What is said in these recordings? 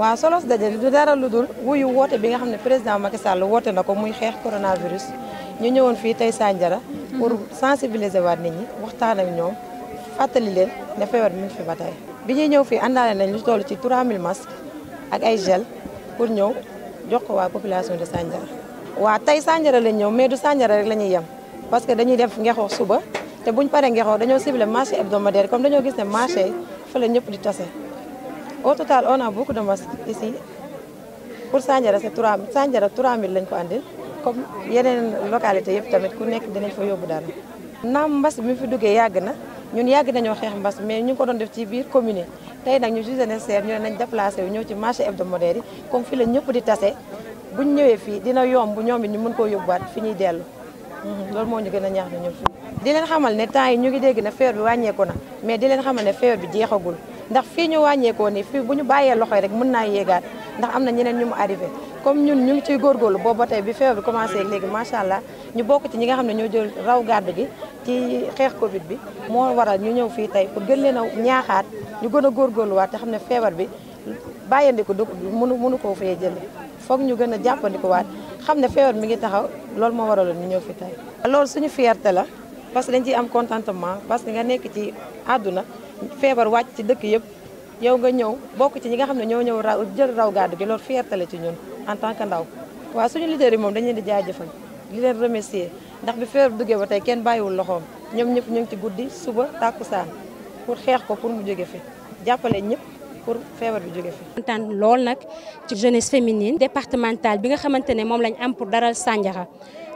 waaw solos daje du dara lu dul wuyu woote bi nga xam ne président Macky Sall woote na ko muy xeex coronavirus ñu ñëwoon fii tey Sandiara pour sensibiliser waat nit ñi waxtaan ak ñoom fàttali leen ne feebar mi ngi fi ba tey bi ñuy ñëw fii àndaale nañ lu toll ci 3000 masques ak ay gel pour ñëw jox ko waa population de Sandiara waa tey Sandiara lañ ñëw mais du Sandiara rek la ñuy yem parce que dañuy def ngexoox suba te buñ paree ngexoox dañoo ciblé marché hebdomadaire comme dañoo gis ne marché yi ñëpp di tase au total on a beaucoup de mosquées ici pour Sandiara c'est 3 Sandiara mil lañ ko andil comme yeneen localité yëpp tamit ku nekk dinañ fa yóbbu dara. naam mbas mi fi duggee yàgg na ñun yàgg nañoo xeex mbas mais ñu ngi ko doon def ci biir commune tey nag ñu jugé nécessaire ñu ne nañ déplacé wu ñëw ci marché hebdomadaire yi comme fii la ñëpp di tase buñ ñëwee fii dina yomb ñoom it ñu mun koo yóbbuwaat fi ñuy dellu mhm, loolu moo ñu gën a ñaax na ñun fii. di leen xamal ne temps yi ñu ngi dégg na feebar bi wàññeeku na mais di leen xamal ne feebar bi jeexagul. ndax fii ñu wàññeekoo nii fii bu ñu bàyyee loxo yi rek mën naa yéegaat ndax am na ñeneen ñu mu arrivé comme ñun ñu ngi ciy góorgóorlu booba tey bi feebar bi commencé léegi macha allah ñu bokk ci ñi nga xam ne ñoo jël raw gàddu gi ci xeex Covid bi moo waral ñu ñëw fii tey pour gën leen a ñaaxaat ñu gën a góorgóorluwaat te xam ne feebar bi bàyyandiku du mënu mënu koo fee jël foog ñu gën a waat xam ne feebar mi ngi taxaw loolu moo waraloon ñu ñëw fi tey loolu suñu fierté la parce que dañ ciy am contentement parce que nga nekk ci àdduna feebar wàcc ci dëkk yëpp yow nga ñëw bokk ci ñi nga xam ne ñoo ñëw raw jël raw gàddu gi loolu fierté la ci ñun en tant que ndaw waa suñu leader yi moom dañu leen di jaajëfal di leen remercier ndax bi feebar duggee ba tey kenn bàyyiwul loxoom ñoom ñëpp ñu ngi ci guddi suba tàkkusaan pour xeex ko pour mu jóge fi jàppale ñëpp pour feebar bi jóge fi kontaan lool nag ci jeunesse féminine départementale bi nga xamante ne moom lañ am pour dara Sandiara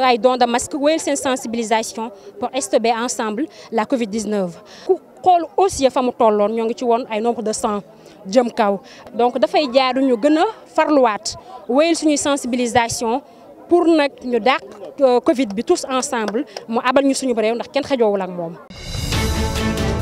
ay don de masque wéyal sensibilisation pour stopper ensemble la Covid-19 ku xool aussi fa mu tolloon ñoo nous ci un ay nombre de cent jëm kaw donc dafay jaaru ñu gën a farluwaat wéyal une sensibilisation pour nag ñu euh, Covid bi tous ensemble mu abal ñu suñu réew ndax kenn xajoowul ak